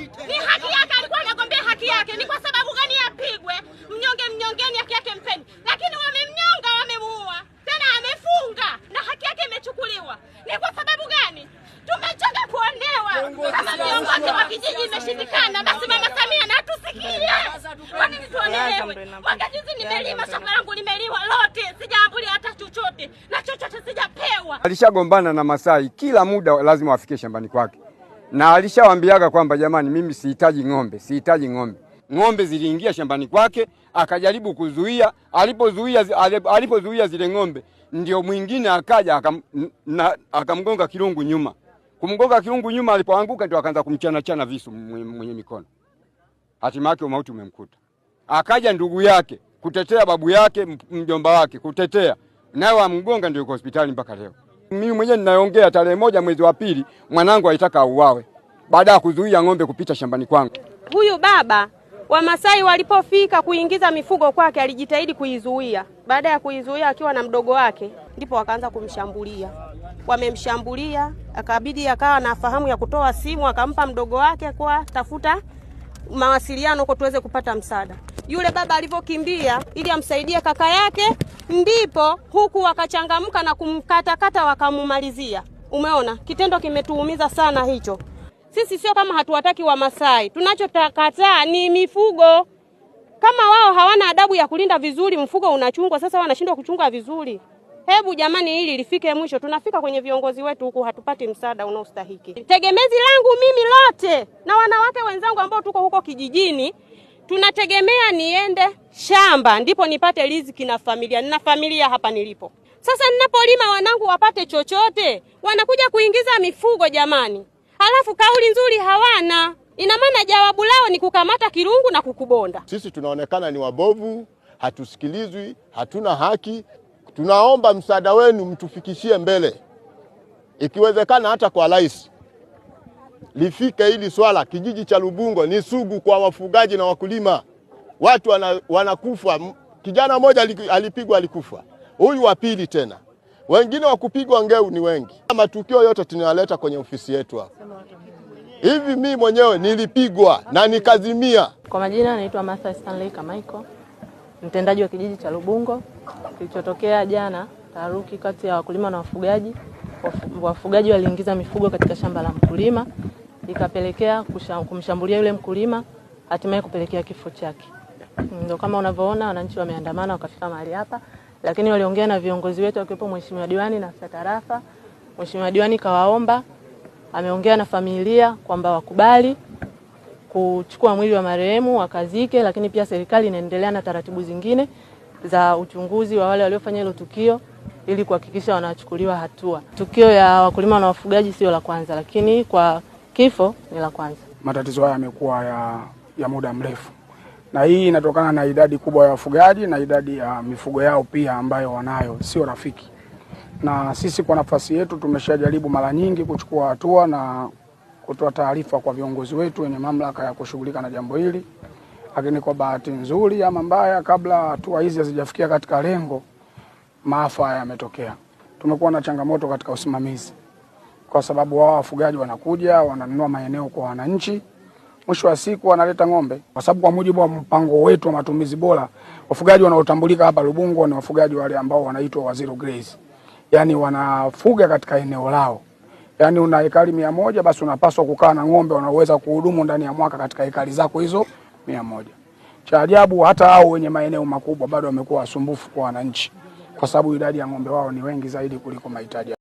Ni haki yake, alikuwa anagombea haki yake. Ni kwa sababu gani apigwe? Mnyonge mnyongeni, haki yake mpeni. Lakini wamemnyonga, wamemuua, tena amefunga na haki yake imechukuliwa. Ni kwa sababu gani? Tumechoka kuonewa. Kama viongozi wa kijiji imeshindikana, basi Mama Samia na atusikie. Wanini tuonelewe? Mwaka juzi nimelima, shamba langu nimeliwa lote, sijaambulia hata chochote na chochote sijapewa. Alishagombana na Masai, kila muda lazima wafike shambani kwake na alishawambiaga kwamba jamani, mimi sihitaji ng'ombe, sihitaji ng'ombe. Ng'ombe ziliingia shambani kwake, akajaribu kuzuia. Alipozuia, alipozuia zile ng'ombe, ndio mwingine akaja akam, na, akamgonga kirungu nyuma. Kumgonga kirungu nyuma, alipoanguka ndio akaanza kumchana chana visu mwenye mikono, hatimaye umauti umemkuta. Akaja ndugu yake kutetea babu yake, mjomba wake kutetea, naye wamgonga, ndio yuko hospitali mpaka leo. Mimi mwenyewe ninaongea tarehe moja mwezi wa pili mwanangu alitaka auawe baada ya kuzuia ng'ombe kupita shambani kwangu. Huyu baba Wamasai walipofika kuingiza mifugo kwake alijitahidi kuizuia. Baada ya kuizuia akiwa na mdogo wake, ndipo wakaanza kumshambulia. Wamemshambulia, akabidi akawa na fahamu ya kutoa simu, akampa mdogo wake kwa tafuta mawasiliano huko tuweze kupata msaada yule baba alivyokimbia ili amsaidie kaka yake, ndipo huku wakachangamka na kumkatakata wakamumalizia. Umeona, kitendo kimetuumiza sana hicho. Sisi sio kama hatuwataki Wamasai, tunachotakataa ni mifugo. Kama wao hawana adabu ya kulinda vizuri, mfugo unachungwa, sasa wanashindwa kuchunga vizuri. Hebu jamani, hili lifike mwisho. Tunafika kwenye viongozi wetu huku, hatupati msaada unaostahiki. Tegemezi langu mimi lote na wanawake wenzangu ambao tuko huko kijijini tunategemea niende shamba ndipo nipate riziki na familia. Nina familia hapa nilipo sasa. Ninapolima wanangu wapate chochote, wanakuja kuingiza mifugo jamani, halafu kauli nzuri hawana. Ina maana jawabu lao ni kukamata kirungu na kukubonda. Sisi tunaonekana ni wabovu, hatusikilizwi, hatuna haki. Tunaomba msaada wenu, mtufikishie mbele, ikiwezekana hata kwa rais lifike hili swala. Kijiji cha Lubungo ni sugu kwa wafugaji na wakulima, watu wana, wanakufa. Kijana mmoja alipigwa alikufa, huyu wa pili tena, wengine wa kupigwa ngeu ni wengi. Matukio yote tunayaleta kwenye ofisi yetu hapa. Hivi mi mwenyewe nilipigwa na nikazimia. Kwa majina naitwa Martha Stanley Kamaiko, mtendaji wa kijiji cha Lubungo. Kilichotokea jana, taharuki kati ya wakulima na wafugaji. Wafugaji waliingiza mifugo katika shamba la mkulima ikapelekea kumshambulia yule mkulima, hatimaye kupelekea kifo chake. Ndio kama unavyoona wananchi wameandamana wakafika mahali hapa, lakini waliongea na viongozi wetu akiwepo mheshimiwa diwani na afisa tarafa. Mheshimiwa diwani kawaomba, ameongea na familia kwamba wakubali kuchukua mwili wa marehemu wakazike, lakini pia serikali inaendelea na taratibu zingine za uchunguzi wa wale waliofanya hilo tukio ili kuhakikisha wanachukuliwa hatua. Tukio ya wakulima na wafugaji sio la kwanza, lakini kwa Kifo ni la kwanza. Matatizo haya yamekuwa ya, ya muda mrefu, na hii inatokana na idadi kubwa ya wafugaji na idadi ya mifugo yao pia ambayo wanayo sio rafiki, na sisi kwa nafasi yetu tumeshajaribu mara nyingi kuchukua hatua na kutoa taarifa kwa viongozi wetu wenye mamlaka ya kushughulika na jambo hili, lakini kwa bahati nzuri ama mbaya, kabla hatua hizi hazijafikia katika lengo, maafa yametokea. Tumekuwa na changamoto katika usimamizi kwa sababu wao wafugaji wanakuja wananunua maeneo kwa wananchi, mwisho wa siku wanaleta ng'ombe, kwa sababu kwa mujibu wa mpango wetu wa matumizi bora, wafugaji wanaotambulika hapa Lubungo ni wafugaji wale ambao wanaitwa wa zero graze, yani wanafuga katika eneo lao. Yani una ekari mia moja basi unapaswa kukaa na ng'ombe wanaoweza kuhudumu ndani ya mwaka katika ekari zako hizo mia moja. Cha ajabu hata hao wenye maeneo makubwa bado wamekuwa wasumbufu kwa wananchi, kwa sababu idadi ya ng'ombe wao ni wengi zaidi kuliko mahitaji.